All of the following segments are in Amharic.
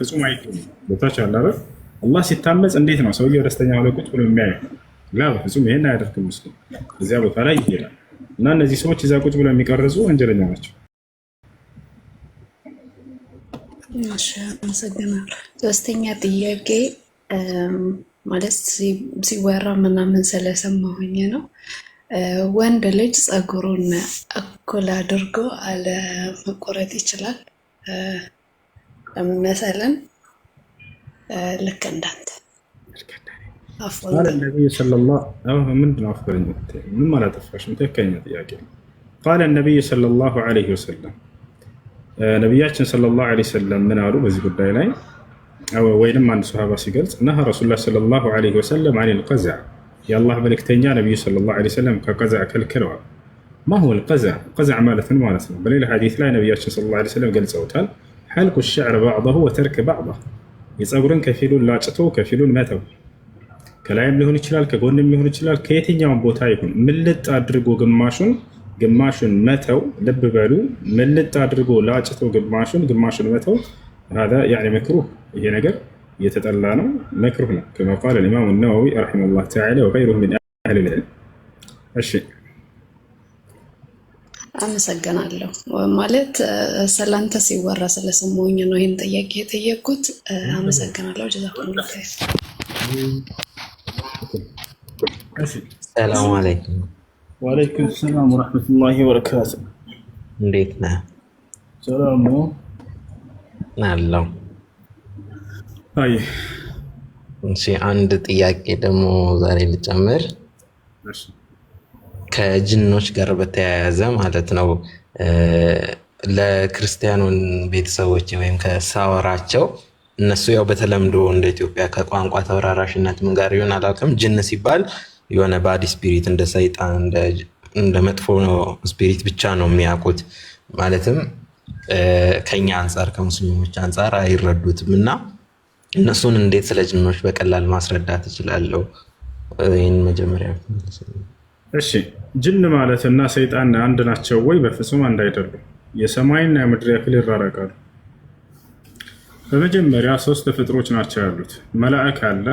ፍጹም አይገኝም። ቦታች አለ አይደል? አላህ ሲታመጽ እንዴት ነው ሰውየው ደስተኛ ሆነ ቁጭ ብሎ የሚያየው? ላ ፍጹም ይሄን አያደርግም። ሙስሊም እዚያ ቦታ ላይ ይሄዳል እና እነዚህ ሰዎች እዚያ ቁጭ ብሎ የሚቀርጹ ወንጀለኛ ናቸው። አመሰግናለሁ። ሶስተኛ ጥያቄ ማለት ሲወራ ምናምን ስለሰማሁኝ ነው። ወንድ ልጅ ጸጉሩን እኩል አድርጎ አለመቆረጥ ይችላል? مثلا ልክ እንዳንተ ቃል ነቢዩ ሰለላሁ ምንድን ነው አፍቆኝነት ምንም አላጠፋሽም። ትክክለኛ ጥያቄ ነው። ቃል ነቢዩ ሰለላሁ ዐለይሂ ወሰለም ነቢያችን ሰለላሁ ዐለይሂ ወሰለም ምን አሉ በዚህ ጉዳይ ላይ ወይንም አንድ ሰሃባ ሲገልጽ ነሀ ረሱሉላህ ሰለላሁ ዐለይሂ ወሰለም አኒል ቀዝዕ የአላህ መልእክተኛ ነቢዩ ሰለላሁ ዐለይሂ ወሰለም ከቀዝዕ ከልክለዋል። ማሁወል ቀዝዕ ቀዝዕ ማለት ምን ማለት ነው? በሌላ ሐዲስ ላይ ነቢያችን ሰለላሁ ዐለይሂ ወሰለም ገልጸውታል። حلق الشعر بعضه وترك بعضه يصغرن كفيلون لا تتو كفيلون ما تو كلام لهون يشلال كغون لهون يشلال كيتين بوتا يكون ملت أدرجو جماشون جماشون ما تو لب بالو ملت أدرجو لا تتو جماشون جماشون ما تو هذا يعني مكروه هي نجر يتطلعنا مكروهنا كما قال الإمام النووي رحمه الله تعالى وغيره من أهل العلم الشيء አመሰግናለሁ። ማለት ስላንተ ሲወራ ስለሰሞኝ ነው ይህን ጥያቄ የጠየቅኩት። አመሰግናለሁ። ጀዛኩምላ። ሰላም አለይኩም። ወአለይኩም ሰላም ወረሕመቱላሂ ወበረካቱ። እንዴት ነህ? ሰላም ነው አለው። አይ አንድ ጥያቄ ደግሞ ዛሬ ልጨምር ከጅኖች ጋር በተያያዘ ማለት ነው። ለክርስቲያኑን ቤተሰቦች ወይም ከሳወራቸው እነሱ ያው በተለምዶ እንደ ኢትዮጵያ ከቋንቋ ተወራራሽነት ምን ጋር ይሆን አላውቅም። ጅን ሲባል የሆነ ባዲ ስፒሪት እንደ ሰይጣን እንደ መጥፎ ስፒሪት ብቻ ነው የሚያውቁት። ማለትም ከኛ አንጻር ከሙስሊሞች አንጻር አይረዱትም እና እነሱን እንዴት ስለ ጅኖች በቀላል ማስረዳት እችላለሁ? ይህን መጀመሪያ እሺ ጅን ማለትና ሰይጣን አንድ ናቸው ወይ? በፍጹም አንድ አይደሉም። የሰማይና የምድር ያክል ይራረቃሉ። በመጀመሪያ ሶስት ፍጥሮች ናቸው ያሉት፣ መላእክ አለ፣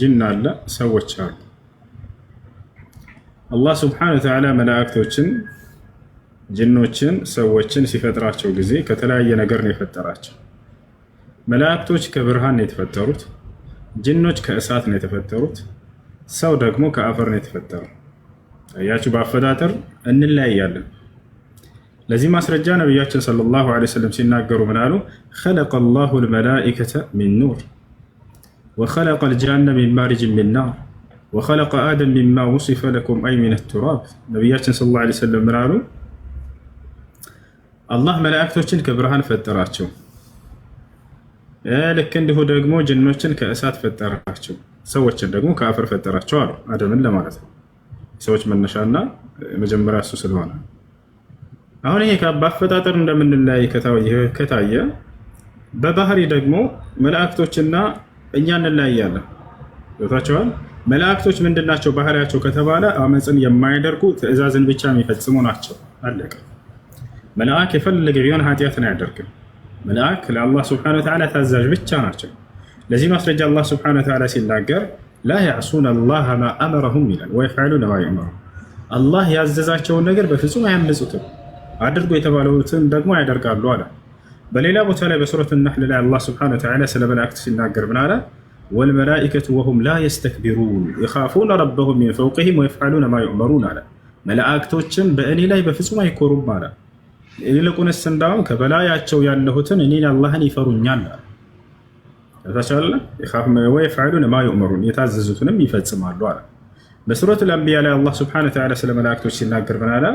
ጅን አለ፣ ሰዎች አሉ። አላህ ስብሐነሁ ወተዓላ መላእክቶችን፣ ጅኖችን፣ ሰዎችን ሲፈጥራቸው ጊዜ ከተለያየ ነገር ነው የፈጠራቸው። መላእክቶች ከብርሃን ነው የተፈጠሩት፣ ጅኖች ከእሳት ነው የተፈጠሩት፣ ሰው ደግሞ ከአፈር ነው የተፈጠረው። አያችሁ በአፈጣጠር እንለያያለን። ለዚህ ማስረጃ ነቢያችን ሰለላሁ ዐለይሂ ወሰለም ሲናገሩ ምን አሉ? ኸለቀ ላሁ ልመላኢከተ ሚን ኑር ወኸለቀ ልጃነ ሚን ማሪጅ ሚን ናር ወኸለቀ አደም ሚማ ውሲፈ ለኩም አይ ሚን ቱራብ። ነቢያችን ሰለላሁ ዐለይሂ ወሰለም ምን አሉ? አላህ መላእክቶችን ከብርሃን ፈጠራቸው። ልክ እንዲሁ ደግሞ ጅኖችን ከእሳት ፈጠራቸው፣ ሰዎችን ደግሞ ከአፈር ፈጠራቸው አሉ፣ አደምን ለማለት ነው። ሰዎች መነሻና መጀመሪያ እሱ ስለሆነ አሁን ይሄ በአፈጣጠር እንደምንለያይ ከታየ በባህሪ ደግሞ መላእክቶችና እኛ እንለያያለን። ቦታቸዋል መላእክቶች ምንድን ናቸው ባህሪያቸው ከተባለ አመፅን የማያደርጉ ትዕዛዝን ብቻ የሚፈጽሙ ናቸው። አለቀ። መልአክ የፈለገ ቢሆን ኃጢአትን አያደርግም። መልአክ ለአላህ ስብሐነ ወተዓላ ታዛዥ ብቻ ናቸው። ለዚህ ማስረጃ አላህ ስብሐነ ወተዓላ ሲናገር ላ ያዕሱነ ላህ ማ አመረሁም ይላል ወየፍዐሉነ ማ ዩእመሩን አላህ ያዘዛቸውን ነገር በፍጹም አያመፁትም አድርጎ የተባለውትን ደግሞ ያደርጋሉ አለ በሌላ ቦታ ላይ በሱረት ነሕል ላይ አላህ ስብሐነሁ ወተዓላ ስለ መላእክት ሲናገር ምን አለ ወልመላኢከቱ ወሁም ላ የስተክቢሩን የኻፉነ ረበሁም ሚን ፈውቅሂም ወየፍዐሉነ ማ ዩእመሩን አለ መላእክቶችም በእኔ ላይ በፍጹም አይኮሩም አለ ይልቁንስ እንዳውም ከበላያቸው ያለሁትን እኔን አላህን ይፈሩኛል አለ ታቻለ ወየፍዓሉነ ማ ዩእመሩን የታዘዙትንም ይፈጽማሉ አለ። በሱረቱል አንቢያ ላይ አላህ ስብሐነሁ ወተዓላ ስለ መላእክቶች ሲናገር ምን አለ?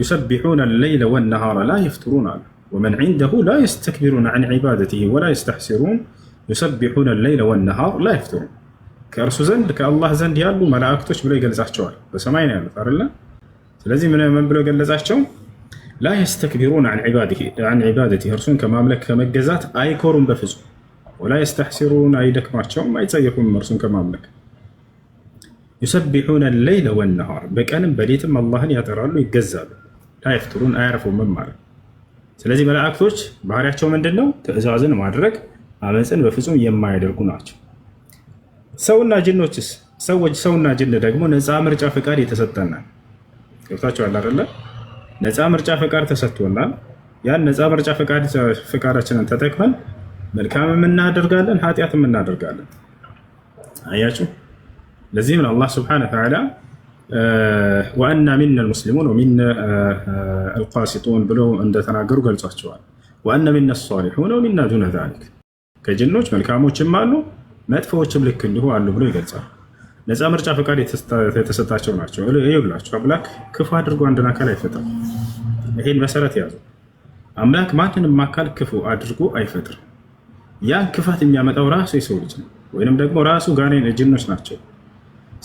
ዩሰቢሑነ ሌይለ ወነሃራ ላ የፍትሩን አለ። ወመን ዒንደሁ ላ የስተክቢሩን ዐን ዒባደቲሂ ወላ የስተሕሲሩን ዩሰቢሑነ ሌይለ ወነሃር ላ የፍትሩን። ከእርሱ ዘንድ ከአላህ ዘንድ ያሉ መላእክቶች ብሎ ይገልጻቸዋል። በሰማይ ነው ያሉት አይደለ? ስለዚህ ምን ብሎ ገለጻቸው? ላ የስተክቢሩን አን ዒባደቲ እርሱን ከማምለክ ከመገዛት አይኮሩም በፍጹም ወላ የስተሕሲሩን አይደክማቸውም አይጸየፉም እርሱን ከማምለክ ዩሰቢሑነ ሌይለ ወነሃር በቀንም በሌትም አላህን ያጠራሉ ይገዛሉ ላ የፍጥሩን አያርፉምም ማለት ስለዚህ መላእክቶች ባህሪያቸው ምንድን ነው ትእዛዝን ማድረግ አመፅን በፍጹም የማያደርጉ ናቸው ሰውና ጅኖችስ ሰውና ጅን ደግሞ ነፃ ምርጫ ፍቃድ የተሰጠናል ገብታችኋል አይደለ ነፃ ምርጫ ፈቃድ ተሰጥቶናል። ያን ነፃ ምርጫ ፈቃዳችንን ተጠቅመን መልካምም እናደርጋለን፣ ኃጢአትም እናደርጋለን። አያችሁ። ለዚህም ነው አላህ ስብሐነሁ ወተዓላ ወአና ሚና አልሙስሊሙን ወሚና አልቃሲጡን ብሎ እንደተናገሩ ገልጿቸዋል። ወአና ሚና አሳሊሑን ወሚና ዱነ ዛሊክ ከጅኖች መልካሞችም አሉ መጥፎዎችም ልክ እንዲሁ አሉ ብሎ ይገልጻል። ነፃ ምርጫ ፈቃድ የተሰጣቸው ናቸው። ይብላቸው አምላክ ክፉ አድርጎ አንድን አካል አይፈጥርም። ይሄን መሰረት ያዙ። አምላክ ማንንም አካል ክፉ አድርጎ አይፈጥርም። ያን ክፋት የሚያመጣው ራሱ የሰው ልጅ ነው፣ ወይንም ደግሞ ራሱ ጋኔን ጅኖች ናቸው።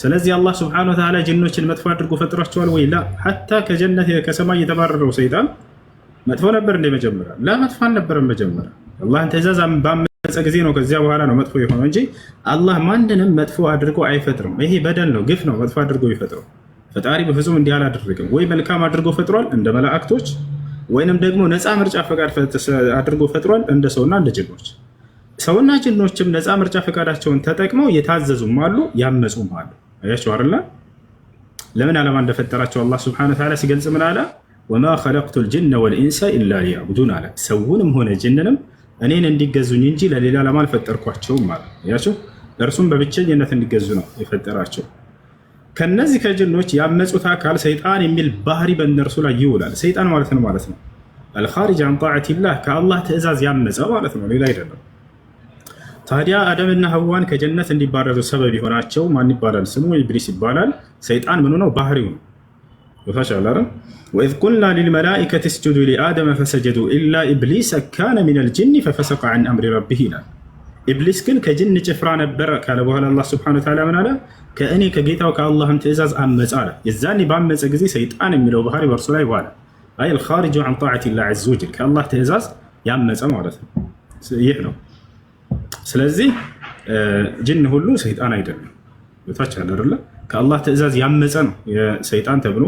ስለዚህ አላህ ስብሐነሁ ወተዓላ ጅኖችን መጥፎ አድርጎ ፈጥሯቸዋል ወይ? ላ ሐታ ከጀነት ከሰማይ የተባረረው ሰይጣን መጥፎ ነበር እንደ መጀመሪያ? ላ መጥፎ አልነበረም መጀመሪያ አላህን ትእዛዝ በገለጸ ጊዜ ነው። ከዚያ በኋላ ነው መጥፎ የሆነው እንጂ አላህ ማንንም መጥፎ አድርጎ አይፈጥርም። ይሄ በደል ነው፣ ግፍ ነው። መጥፎ አድርጎ ይፈጥረው ፈጣሪ በፍጹም እንዲህ አላደረግም። ወይ መልካም አድርጎ ፈጥሯል እንደ መላእክቶች፣ ወይንም ደግሞ ነፃ ምርጫ ፈቃድ አድርጎ ፈጥሯል እንደ ሰውና እንደ ጅኖች። ሰውና ጅኖችም ነፃ ምርጫ ፈቃዳቸውን ተጠቅመው የታዘዙም አሉ፣ ያመፁም አሉ። አያቸው አለ ለምን ዓላማ እንደፈጠራቸው አላህ ስብሐነሁ ወተዓላ ሲገልጽ ምን አለ? ወማ ኸለቅቱል ጅነ ወልኢንሳ ኢላ ሊያዕቡዱን አለ። ሰውንም ሆነ ጅንንም እኔን እንዲገዙኝ እንጂ ለሌላ ለማ አልፈጠርኳቸውም አለ። ያቸው እርሱም በብቸኝነት እንዲገዙ ነው የፈጠራቸው። ከነዚህ ከጅኖች ያመፁት አካል ሰይጣን የሚል ባህሪ በእነርሱ ላይ ይውላል። ሰይጣን ማለት ነው ማለት ነው አልኻሪጅ አን ጣዓቲላህ ከአላህ ትእዛዝ ያመፀ ማለት ነው፣ ሌላ አይደለም። ታዲያ አደምና ህዋን ከጀነት እንዲባረሩ ሰበብ የሆናቸው ማን ይባላል? ስሙ ኢብሊስ ይባላል። ሰይጣን ምኑ ነው? ባህሪው ነው። ታሻል ወኢዝ ቁልና ሊልመላኢከት እስጁዱ ሊአደመ ፈሰጀዱ ኢላ ኢብሊስ ካነ ሚነል ጅኒ ፈፈሰቀ ዐን አምሪ ረቢህ ይላል። ኢብሊስ ግን ከጅን ጭፍራ ነበረ ካለ በኋላ አላህ ስብሐነ ወተዓላ ምን አለ? ከእኔ ከጌታው ከአላህም ትእዛዝ አመፀ አለ። የዛኔ ባመፀ ጊዜ ሰይጣን የሚለው ባህሪ በእርሱ ላይ በኋላ አይ አልኻሪጁ ዐን ጣዓቲላህ ዐዘ ወጀል ከአላህ ትእዛዝ ያመፀ ማለት ነው። ይህ ነው። ስለዚህ ጅን ሁሉ ሰይጣን አይደለም። ታቻል አይደለም ከአላህ ትዕዛዝ ያመፀ ነው የሰይጣን ተብሎ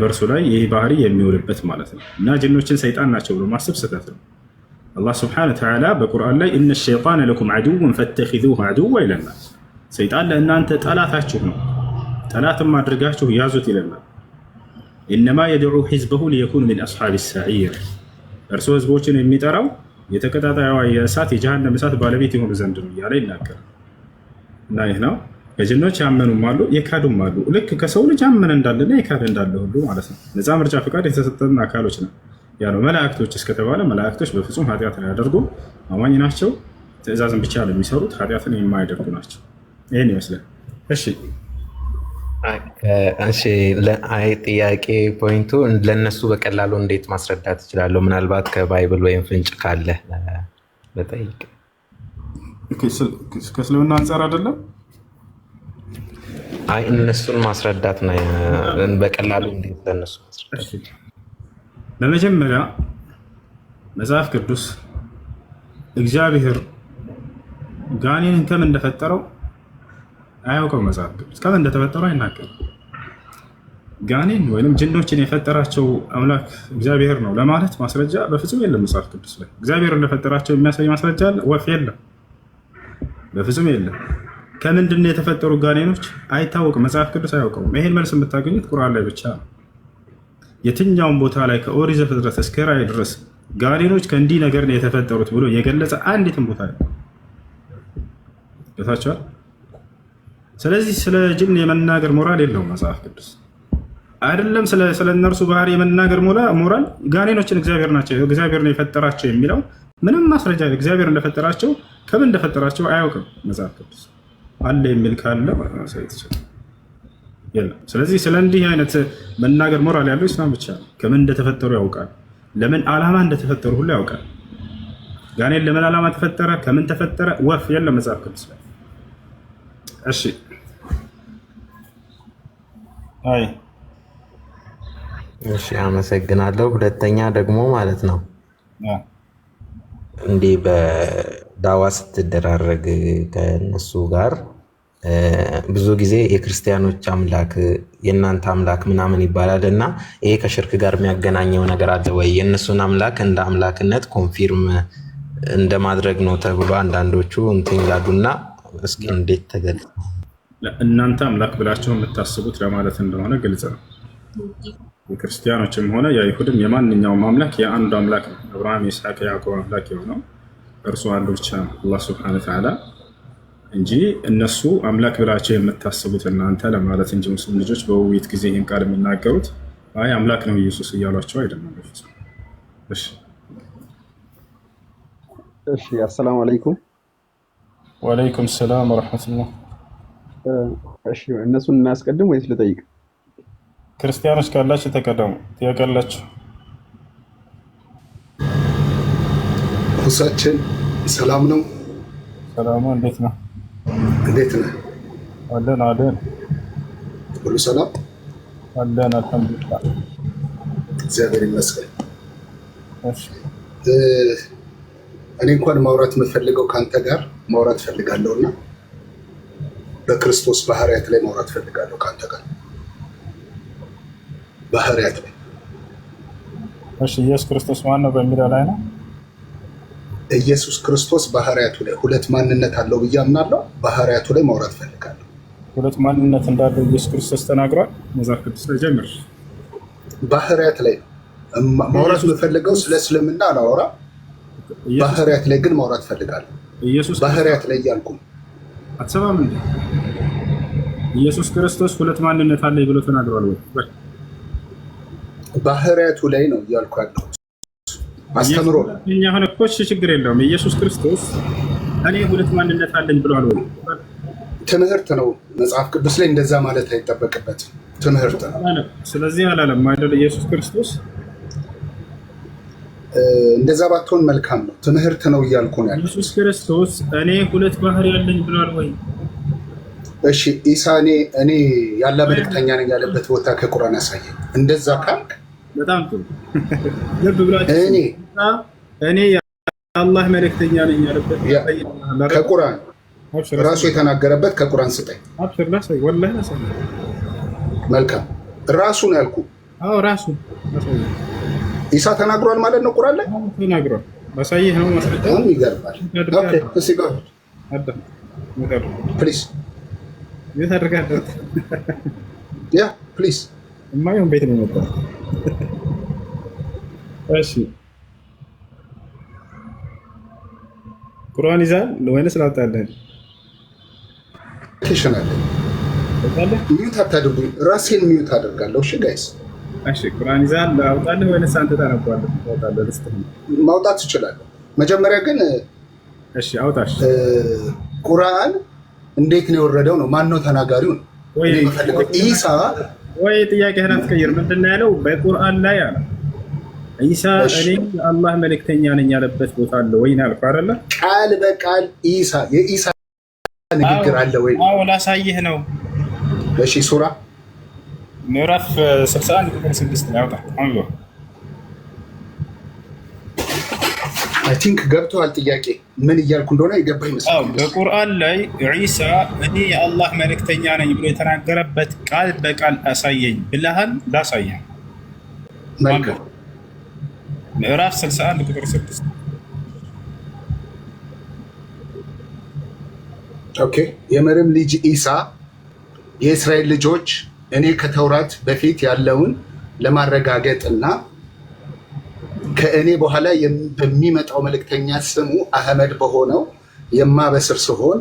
በእርሱ ላይ ይህ ባህሪ የሚውልበት ማለት ነው። እና ጅኖችን ሰይጣን ናቸው ብሎ ማሰብ ስህተት ነው። አላህ ስብሐነሁ ወተዓላ በቁርአን ላይ እነ ሸይጣነ ለኩም አድውን ፈተኺዙሁ አድዋ ይለናል። ሰይጣን ለእናንተ ጠላታችሁ ነው፣ ጠላትም አድርጋችሁ ያዙት ይለናል። ኢነማ የድዑ ሒዝበሁ ሊየኩኑ ሚን አስሓቢ ሰዒር፣ እርሱ ህዝቦችን የሚጠራው የተቀጣጣዩ የእሳት የጀሃነም እሳት ባለቤት የሆኑ ዘንድ ነው እያለ ይናገራል እና ይህ ነው በጅኖች ያመኑም አሉ የካዱም አሉ። ልክ ከሰው ልጅ ያመነ እንዳለና የካደ እንዳለ ሁሉ ማለት ነው። ነፃ ምርጫ ፈቃድ የተሰጠን አካሎች ነው ያለው። መላእክቶች እስከተባለ መላእክቶች በፍጹም ኃጢአት አያደርጉ አማኝ ናቸው። ትእዛዝን ብቻ የሚሰሩት ኃጢአትን የማያደርጉ ናቸው። ይህን ይመስላል። እሺ አይ ጥያቄ ፖይንቱ ለእነሱ በቀላሉ እንዴት ማስረዳት እችላለሁ? ምናልባት ከባይብል ወይም ፍንጭ ካለ በጠይቅ ከእስልምና አንጻር አይደለም አይ እነሱን ማስረዳት ነው በቀላሉ እንዴት ለእነሱ ማስረዳት። በመጀመሪያ መጽሐፍ ቅዱስ እግዚአብሔር ጋኔንን ከምን እንደፈጠረው አያውቀው። መጽሐፍ ቅዱስ ከምን እንደተፈጠረው አይናገርም። ጋኔን ወይም ጅኖችን የፈጠራቸው አምላክ እግዚአብሔር ነው ለማለት ማስረጃ በፍጹም የለም። መጽሐፍ ቅዱስ ላይ እግዚአብሔር እንደፈጠራቸው የሚያሳይ ማስረጃ ወፍ የለም፣ በፍጹም የለም። ከምንድን ነው የተፈጠሩ ጋኔኖች አይታወቅም። መጽሐፍ ቅዱስ አያውቀውም። ይሄን መልስ የምታገኙት ቁርአን ላይ ብቻ ነው። ቦታ ላይ ከኦሪት ዘፍጥረት እስከ ራዕይ ድረስ ጋኔኖች ከእንዲህ ነገር ነው የተፈጠሩት ብሎ የገለጸ አንዲትም ቦታ ነው ታቸዋል። ስለዚህ ስለ ጅን የመናገር ሞራል የለውም መጽሐፍ ቅዱስ አይደለም። ስለ እነርሱ ባህሪ የመናገር ሞራል ጋኔኖችን እግዚአብሔር ናቸው እግዚአብሔር ነው የፈጠራቸው የሚለው ምንም ማስረጃ እግዚአብሔር እንደፈጠራቸው ከምን እንደፈጠራቸው አያውቅም መጽሐፍ ቅዱስ አለ የሚል ካለ ማሳየት ይችላል። ስለዚህ ስለ እንዲህ አይነት መናገር ሞራል ያለው ኢስላም ብቻ ነው። ከምን እንደተፈጠሩ ያውቃል። ለምን ዓላማ እንደተፈጠሩ ሁሉ ያውቃል። ጋኔን ለምን ዓላማ ተፈጠረ? ከምን ተፈጠረ? ወፍ የለም መጽሐፍ ቅዱስ ላይ። እሺ አይ እሺ፣ አመሰግናለሁ። ሁለተኛ ደግሞ ማለት ነው እንዲህ ዳዋ ስትደራረግ ከነሱ ጋር ብዙ ጊዜ የክርስቲያኖች አምላክ የእናንተ አምላክ ምናምን ይባላል እና ይሄ ከሽርክ ጋር የሚያገናኘው ነገር አለ ወይ? የእነሱን አምላክ እንደ አምላክነት ኮንፊርም እንደማድረግ ነው ተብሎ አንዳንዶቹ እንትን ይላሉና እስኪ እንዴት ተገል እናንተ አምላክ ብላቸው የምታስቡት ለማለት እንደሆነ ግልጽ ነው። የክርስቲያኖችም ሆነ የአይሁድም የማንኛውም አምላክ የአንዱ አምላክ ነው። አብርሃም፣ ይስሐቅ፣ ያዕቆብ አምላክ የሆነው እርሱ አንዱ ብቻ ነው አላህ ስብሐነ ወተዓላ እንጂ እነሱ አምላክ ብላቸው የምታስቡት እናንተ ለማለት እንጂ ሙስሊም ልጆች በውይይት ጊዜ ይህን ቃል የሚናገሩት አይ አምላክ ነው ኢየሱስ እያሏቸው አይደለም። እሺ፣ አሰላሙ አለይኩም። ወአለይኩም ሰላም ወረሕመቱላህ። እሺ፣ እነሱን እናስቀድም ወይስ ልጠይቅ? ክርስቲያኖች ካላችሁ ተቀደሙ። ጥያቄ አላችሁ? ንጉሳችን ሰላም ነው። ሰላሙ እንዴት ነው? እንዴት ነህ? አለን አለን። ሁሉ ሰላም አለን። አልሐምዱሊላህ እግዚአብሔር ይመስገን። እኔ እንኳን ማውራት የምፈልገው ከአንተ ጋር ማውራት ፈልጋለሁ እና በክርስቶስ ባህሪያት ላይ ማውራት ፈልጋለሁ ከአንተ ጋር ባህሪያት ላይ። እሺ ኢየሱስ ክርስቶስ ማን ነው በሚለው ላይ ነው ኢየሱስ ክርስቶስ ባህሪያቱ ላይ ሁለት ማንነት አለው ብዬ አምናለሁ። ባህሪያቱ ላይ ማውራት ፈልጋለሁ። ሁለት ማንነት እንዳለው ኢየሱስ ክርስቶስ ተናግሯል። መጽሐፍ ቅዱስ ላይ ጀምር። ባህሪያት ላይ ማውራት የምፈልገው ስለ እስልምና አላወራ፣ ባህሪያት ላይ ግን ማውራት ፈልጋለሁ። ኢየሱስ ባህሪያት ላይ እያልኩ አትሰማም እንዴ? ኢየሱስ ክርስቶስ ሁለት ማንነት አለኝ ብሎ ተናግሯል። ባህሪያቱ ላይ ነው እያልኩ ያለሁት። አስተምሮ እኛ ሆነ ኮሽ ችግር የለውም። ኢየሱስ ክርስቶስ እኔ ሁለት ማንነት አለኝ ብለዋል ወይ? ትምህርት ነው። መጽሐፍ ቅዱስ ላይ እንደዛ ማለት አይጠበቅበትም። ትምህርት ነው። ስለዚህ አላለም አይደል? ኢየሱስ ክርስቶስ እንደዛ ባትሆን መልካም ነው። ትምህርት ነው እያልኩ ነው ያለው። ኢየሱስ ክርስቶስ እኔ ሁለት ባህሪ ያለኝ ብሏል ወይ? እሺ ኢሳ እኔ ያለ መልእክተኛ ነኝ ያለበት ቦታ ከቁራን ያሳየ እንደዛ ካልክ በጣም ጥሩ ልብ ብላችሁ እኔ እኔ የአላህ መልእክተኛ ነኝ ያለበት ከቁርአን ራሱ የተናገረበት ከቁርአን ስጠኝ። አብሽር ላሳይ፣ ወላሂ ላሳይ። መልካም ራሱ ነው ያልኩ። አዎ ራሱ ኢሳ ተናግሯል ማለት ነው። ቁርአን ላይ ተናግሯል። ማሳየህ ነው ማስረጃ። ይገርማል። ኦኬ፣ እሺ ጋር አዳም ፕሊዝ፣ የት አድርጋለሁ ያ ፕሊስ የማይሆን ቤት ነው የመጣው። እሺ ቁርአን ይዛል ወይንስ ላምጣልህ? ሚዩት አታድርጉ። ራሴን ሚዩት አደርጋለሁ። እሺ ጋይስ፣ እሺ ቁርአን ይዛል ላምጣልህ ወይንስ አንተ ታነባለህ? ማውጣት ትችላለህ። መጀመሪያ ግን እሺ አውጣሽ። ቁርአን እንዴት ነው የወረደው ነው? ማን ነው ተናጋሪው? ነው ኢሳ ወይ ጥያቄህን አትቀይር። ምንድን ነው ያለው? በቁርአን ላይ አለ ኢሳ እኔ የአላህ መልእክተኛ ነኝ ያለበት ቦታ አለ ወይ ነው አልኩ አይደለ? ቃል በቃል ኢሳ የኢሳ ንግግር አለ ወይ? አዎ ላሳይህ ነው። እሺ ሱራ ምዕራፍ 61 ቁጥር 6 ያውጣ አውጣ አንብበው አይ ቲንክ ገብተዋል። ጥያቄ ምን እያልኩ እንደሆነ የገባ ይመስላል። በቁርአን ላይ ዒሳ እኔ የአላህ መልእክተኛ ነኝ ብሎ የተናገረበት ቃል በቃል አሳየኝ ብለሃል። ላሳየ ምዕራፍ 61 ቁጥር 6 ኦኬ የመርም ልጅ ኢሳ የእስራኤል ልጆች እኔ ከተውራት በፊት ያለውን ለማረጋገጥ እና ከእኔ በኋላ በሚመጣው መልእክተኛ ስሙ አህመድ በሆነው የማበስር ሲሆን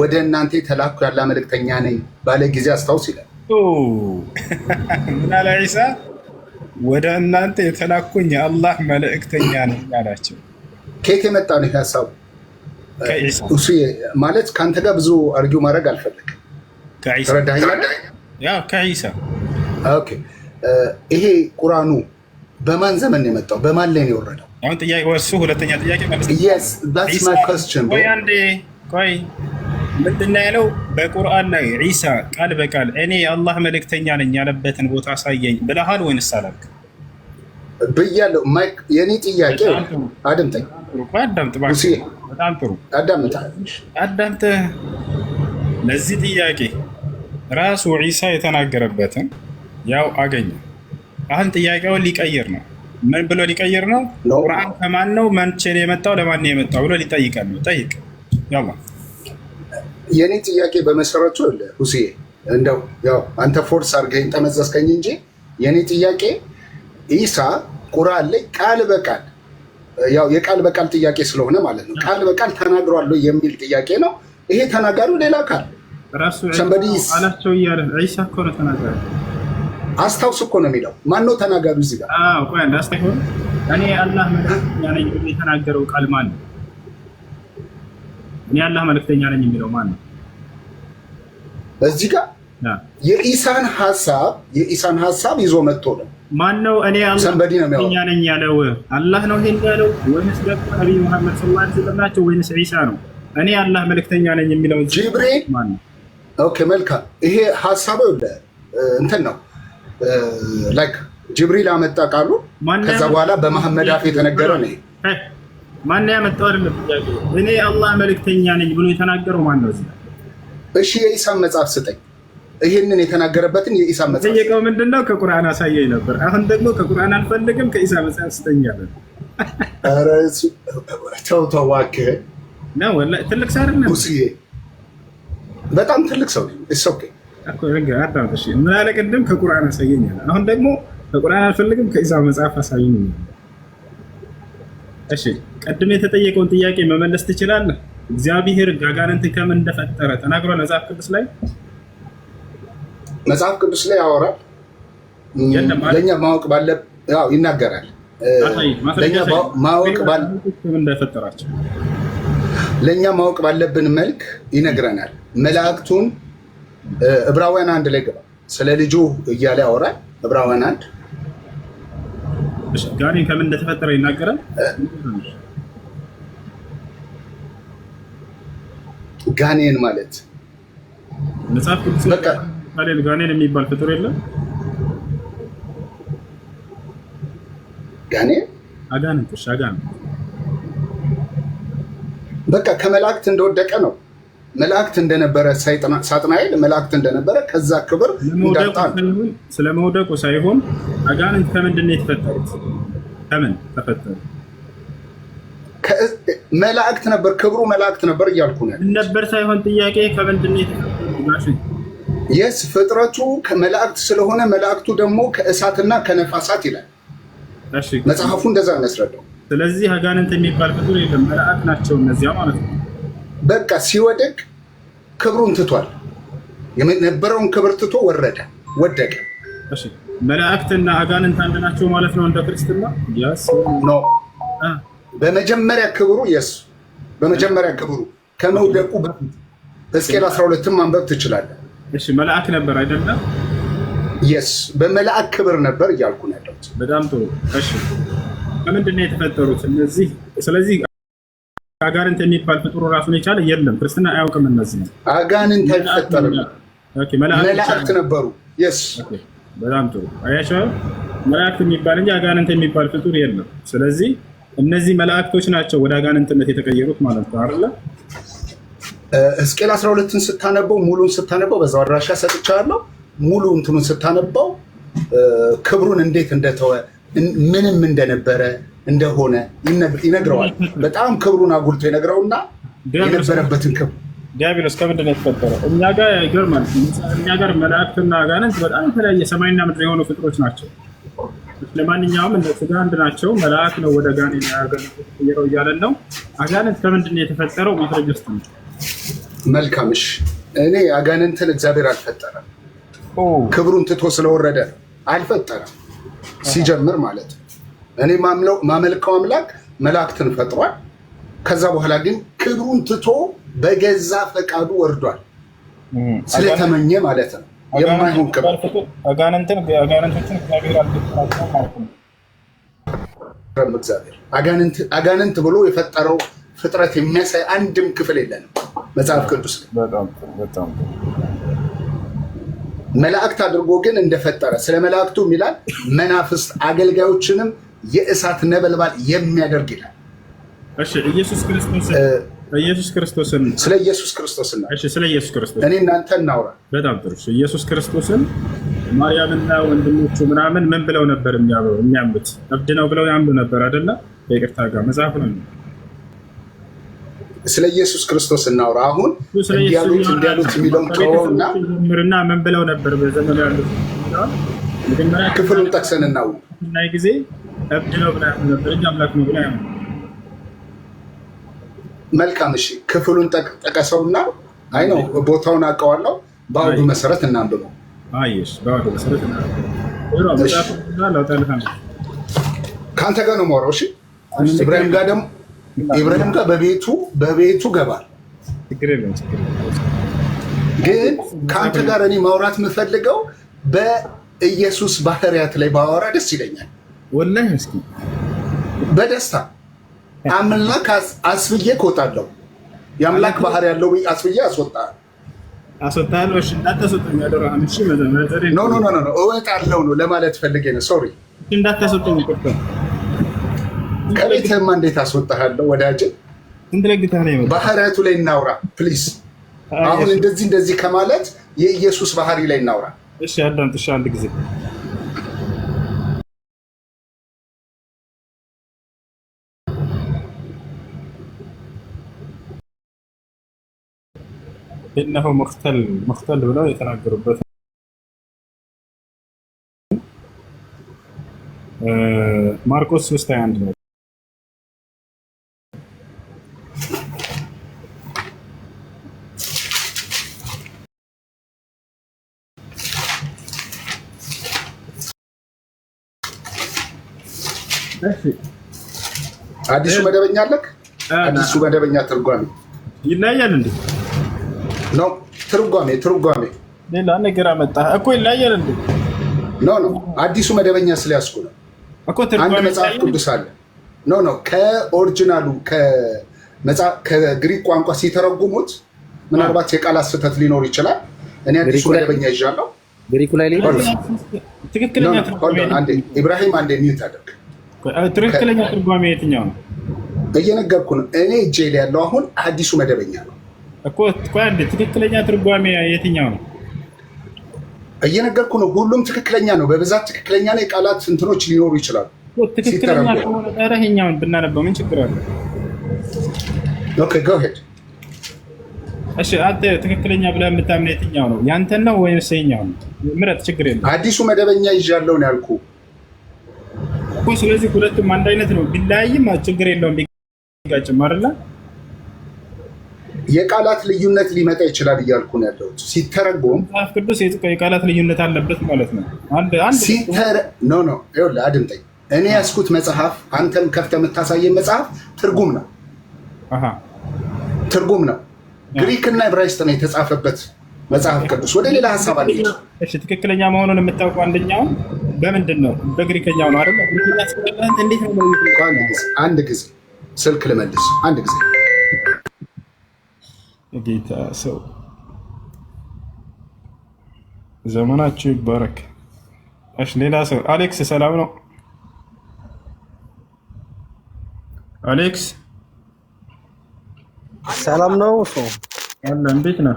ወደ እናንተ የተላኩ ያለ መልእክተኛ ነኝ ባለ ጊዜ አስታውስ ይላል። ምናለ ዒሳ ወደ እናንተ የተላኩኝ የአላህ መልእክተኛ ነኝ አላቸው። ከየት የመጣ ነው ሀሳቡ? እሱ ማለት ከአንተ ጋር ብዙ አርጊው ማድረግ አልፈለግም። ከዒሳ ይሄ ቁራኑ በማን ዘመን ነው የመጣው? በማን ላይ ነው የወረደው? አሁን ጥያቄ ሁለተኛ ጥያቄ ማለት ነው። ቆይ ያለው በቁርአን ላይ ዒሳ ቃል በቃል እኔ የአላህ መልእክተኛ ነኝ ያለበትን ቦታ አሳየኝ ብለሃል ወይንስ አላልክ? ብያለሁ። ማይክ የኔ ጥያቄ አድምጠኝ። አዳምጥ በጣም ጥሩ ለዚህ ጥያቄ ራሱ ዒሳ የተናገረበትን ያው አገኘ አሁን ጥያቄውን ሊቀይር ነው። ምን ብሎ ሊቀይር ነው? ቁርአን ከማን ነው መቼ ነው የመጣው ለማን ነው የመጣው ብሎ ሊጠይቀን ነው። ጠይቅ። ያው የኔ ጥያቄ በመሰረቱ አለ ሁሴ እንደው ያው አንተ ፎርስ አድርገኝ ጠመዘዝከኝ እንጂ የኔ ጥያቄ ኢሳ ቁርአን ላይ ቃል በቃል ያው የቃል በቃል ጥያቄ ስለሆነ ማለት ነው ቃል በቃል ተናግሯል የሚል ጥያቄ ነው። ይሄ ተናጋሪው ሌላ ካል ራሱ ሰንበዲ አላቸው እያለ ኢሳ እኮ ነው ተናጋሪ አስታውስ እኮ ነው የሚለው። ማን ነው ተናጋሪ እዚህ ጋር? አዎ እኔ አላህ መልእክተኛ ነኝ ብሎ የተናገረው ቃል ማን ነው? እኔ አላህ መልእክተኛ ነኝ የሚለው ማን ነው? እዚህ ጋር የኢሳን ሀሳብ የኢሳን ሀሳብ ይዞ መጥቶ ነው ማን ነው? እኔ አላህ ነኝ ያለው አላህ ነው ይሄን ያለው ወይስ ደግሞ ነቢይ መሐመድ ሰለላሁ ዐለይሂ ወሰለም ናቸው ወይስ ኢሳ ነው? እኔ አላህ መልእክተኛ ነኝ የሚለው ጅብሪል ማን ነው? ኦኬ መልካም። ይሄ ሀሳብ እንትን ነው ላይክ ጅብሪል አመጣ ቃሉ። ከዛ በኋላ በመሐመድ አፍ የተነገረ ነው። ማን ያመጣው አይደለም ጥያቄው። እኔ አላህ መልእክተኛ ነኝ ብሎ የተናገረው ማን ነው? እሺ የኢሳም መጽሐፍ ስጠኝ። ይህንን የተናገረበትን የኢሳ መጽሐፍ ጠየቀው። ምንድነው? ከቁርአን አሳየኝ ነበር። አሁን ደግሞ ከቁርአን አልፈልግም ከኢሳ መጽሐፍ ስጠኝ አለ። ተው ተው፣ እባክህ ነው። ወላሂ ትልቅ ሰው አይደለም። በጣም ትልቅ ሰው ነው። ኦኬ ምን አለ ቅድም ከቁርአን አሳየኝ አለ። አሁን ደግሞ ከቁርአን አልፈልግም ከኢሳ መጽሐፍ አሳየኝ። እሺ ቅድም የተጠየቀውን ጥያቄ መመለስ ትችላለህ? እግዚአብሔር ጋጋንንትን ከምን እንደፈጠረ ተናግሯል መጽሐፍ ቅዱስ ላይ መጽሐፍ ቅዱስ ላይ ያወራል። ለእኛ ማወቅ ባለ ይናገራል። ለእኛ ማወቅ ባለብን መልክ ይነግረናል። መላእክቱን ዕብራውያን አንድ ላይ ግባ። ስለ ልጁ እያለ ያወራል። ዕብራውያን አንድ ጋኔን ከምን እንደተፈጠረ ይናገራል። ጋኔን ማለት መጽሐፍ ቅዱስ ጋኔን የሚባል ፍጡር የለም። ጋኔን አጋንንት፣ አጋንንት በቃ ከመላእክት እንደወደቀ ነው። መላእክት እንደነበረ ሳጥናኤል መላእክት እንደነበረ ከዛ ክብር ስለ መውደቁ ሳይሆን አጋንንት ከምንድን ነው የተፈጠሩት? ከምን ተፈጠሩ? መላእክት ነበር፣ ክብሩ መላእክት ነበር እያልኩ ነው። ነበር ሳይሆን ጥያቄ ከምንድን ነው የስ ፍጥረቱ መላእክት ስለሆነ መላእክቱ ደግሞ ከእሳትና ከነፋሳት ይላል መጽሐፉ፣ እንደዛ የሚያስረዳው። ስለዚህ አጋንንት የሚባል ፍጡር የለም፣ መላእክት ናቸው እነዚያ ማለት ነው። በቃ ሲወደቅ ክብሩን ትቷል። የነበረውን ክብር ትቶ ወረደ፣ ወደቀ። መላእክትና አጋንንት አንድ ናቸው ማለት ነው እንደ ክርስትና ነው በመጀመሪያ ክብሩ የሱ በመጀመሪያ ክብሩ ከመውደቁ በፊት ሕዝቅኤል 12 ማንበብ ትችላለህ። እሺ መልአክ ነበር አይደለም? የስ በመልአክ ክብር ነበር እያልኩ ነው ያለሁት። በጣም ጥሩ። ከምንድን ነው የተፈጠሩት እነዚህ? ስለዚህ አጋንንት የሚባል ፍጡሩ ራሱን የቻለ የለም። ክርስትና አያውቅም። እነዚህ ነው አጋንንት አይፈጠርም። መላእክት ነበሩ። የስ በጣም ጥሩ አያሻ መላእክት የሚባል እንጂ አጋንንት የሚባል ፍጡር የለም። ስለዚህ እነዚህ መላእክቶች ናቸው ወደ አጋንንትነት የተቀየሩት ማለት ነው አይደለ? ሕዝቅኤል 12ን ስታነበው ሙሉን ስታነበው በዛው አድራሻ ሰጥቻለሁ። ሙሉ እንትኑን ስታነበው ክብሩን እንዴት እንደተወ ምንም እንደነበረ እንደሆነ ይነግረዋል። በጣም ክብሩን አጉልቶ ይነግረውና የነበረበትን ክብር ዲያብሎስ ከምንድን ነው የተፈጠረው? እኛ ጋር ይገርማል። እኛ ጋር መላእክትና አጋንንት በጣም የተለያየ ሰማይና ምድር የሆኑ ፍጥሮች ናቸው። ለማንኛውም እነሱ ስጋ አንድ ናቸው። መላእክ ነው ወደ ጋኔ ያገረው እያለን ነው። አጋንንት ከምንድን ነው የተፈጠረው? ማስረጃ ውስጥ ነው። መልካምሽ እኔ አጋንንትን እግዚአብሔር አልፈጠረም። ክብሩን ትቶ ስለወረደ አልፈጠረም ሲጀምር ማለት ነው እኔ ማመልከው አምላክ መላእክትን ፈጥሯል። ከዛ በኋላ ግን ክብሩን ትቶ በገዛ ፈቃዱ ወርዷል። ስለተመኘ ማለት ነው። የማይሆን ክብር አጋንንት ብሎ የፈጠረው ፍጥረት የሚያሳይ አንድም ክፍል የለንም መጽሐፍ ቅዱስ መላእክት አድርጎ ግን እንደፈጠረ ስለ መላእክቱ ይላል። መናፍስት አገልጋዮችንም የእሳት ነበልባል የሚያደርግ ይላል። ኢየሱስ ክርስቶስን ስለ ኢየሱስ ክርስቶስን ስለ ኢየሱስ ክርስቶስ እኔ እናንተ እናውራ። በጣም ጥሩ። ኢየሱስ ክርስቶስን ማርያምና ወንድሞቹ ምናምን ምን ብለው ነበር የሚያምኑት? እብድ ነው ብለው ያምሉ ነበር አይደለ? በይቅርታ ጋር መጽሐፍ ነው። ስለ ኢየሱስ ክርስቶስ እናውራ። አሁን እንዲያሉት እንዲያሉት የሚለውን ተወውና ምርና ምን ብለው ነበር በዘመኑ ያሉት? መጀመሪያ ክፍሉን ጠቅሰን ናይ ጊዜ እብድ ነው ብላ ነበር እንጂ አምላክ ነው ብላ መልካም እሺ፣ ክፍሉን ጠቀሰውና አይ ነው ቦታውን አውቀዋለሁ። በአውዱ መሰረት እናንብበው። በአውዱ ከአንተ ጋር ነው የማወራው። እሺ ኢብራሂም ጋር ደግሞ ኢብራሂም ጋር በቤቱ በቤቱ ገባል። ግን ከአንተ ጋር እኔ ማውራት የምፈልገው በኢየሱስ ባህሪያት ላይ ባወራ ደስ ይለኛል። ወላሂ እስኪ በደስታ አምላክ አስብዬ እወጣለሁ። የአምላክ ባህር ያለው አስብዬ አስወጣል አስወጣል። እሺ እንዳታስወጡኝ እወጣለሁ ነው ለማለት ፈልጌ ነው። ሶሪ እንዳታስወጡኝ። ቁርጥ ከቤትህማ እንዴት አስወጣሃለሁ ወዳጄ። ባህሪያቱ ላይ እናውራ ፕሊዝ። አሁን እንደዚህ እንደዚህ ከማለት የኢየሱስ ባህሪ ላይ እናውራ። እሺ አዳምጥ። እሺ አንድ ጊዜ እነሆ መክተል ሙክተል ብለው የተናገሩበት ማርቆስ 3 21 ነው። አዲሱ መደበኛ አለክ አዲሱ መደበኛ ትርጓሜ ይለያል እንዴ? ነው። ትርጓሜ ትርጓሜ ሌላ ነገር አመጣ እኮ ይለያል እንዴ? ኖ ኖ አዲሱ መደበኛ ስለያዝኩ ነው እኮ። አንድ መጽሐፍ ቅዱስ አለ። ኖ ኖ ከኦሪጂናሉ ከግሪክ ቋንቋ ሲተረጉሙት ምናልባት የቃላት ስህተት ሊኖር ይችላል። እኔ አዲሱ መደበኛ ይዣለሁ። ግሪኩ ላይ ትክክለኛ ኢብራሂም፣ አንዴ ሚዩት አደርግ። ትክክለኛ ትርጓሜ የትኛው ነው? እየነገርኩ ነው። እኔ እጄ ላይ ያለው አሁን አዲሱ መደበኛ ነው። እኮ አንድ ትክክለኛ ትርጓሜ የትኛው ነው? እየነገርኩ ነው። ሁሉም ትክክለኛ ነው። በብዛት ትክክለኛ ላይ ቃላት እንትኖች ሊኖሩ ይችላሉ። ትክክለኛ ከሆነ ጠረህኛውን ብናነበው ምን ችግር አለ? እሺ አንተ ትክክለኛ ብለህ የምታምነው የትኛው ነው? ያንተን ነው ወይስ የእኛው ነው? ምረጥ፣ ችግር የለም። አዲሱ መደበኛ ይዣለሁ ነው ያልኩህ እኮ። ስለዚህ ሁለቱም አንድ አይነት ነው። ቢለያይም ችግር የለውም፣ ቢጋጭም አይደለ የቃላት ልዩነት ሊመጣ ይችላል እያልኩ ነው ያለሁት። ሲተረጎም መጽሐፍ ቅዱስ የቃላት ልዩነት አለበት ማለት ነው። ኖ ኖ፣ ይኸውልህ አድምጠኝ። እኔ ያስኩት መጽሐፍ አንተም ከፍተህ የምታሳየን መጽሐፍ ትርጉም ነው፣ ትርጉም ነው። ግሪክ እና ዕብራይስጥ ነው የተጻፈበት መጽሐፍ ቅዱስ። ወደ ሌላ ሀሳብ አለ። ትክክለኛ መሆኑን የምታውቀው አንደኛውን በምንድን ነው? በግሪከኛው ነው አይደል? አንድ ጊዜ ስልክ ልመልስ። አንድ ጊዜ نجيت سو زمانات شو يبارك اش لي لاسو اليكس سلامنا اليكس سلامنا نو سو اهلا بكنا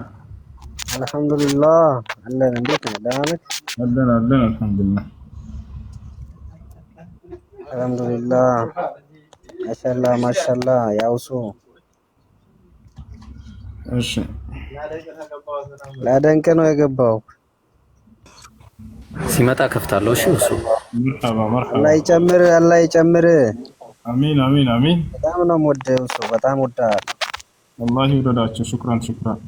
الحمد لله اهلا بكنا دامك اهلا اهلا الحمد لله الحمد لله ما شاء الله ما شاء الله يا وسو እሺ ላደንቅ ነው የገባው። ሲመጣ ከፍታለሁ። እሺ እሱ አላህ ይጨምር፣ አላህ ይጨምር። አሚን አሚን አሚን። በጣም ነው ወደ እሱ በጣም ወዳ ወላሂ ወደዳችሁ። ሹክራን ሹክራን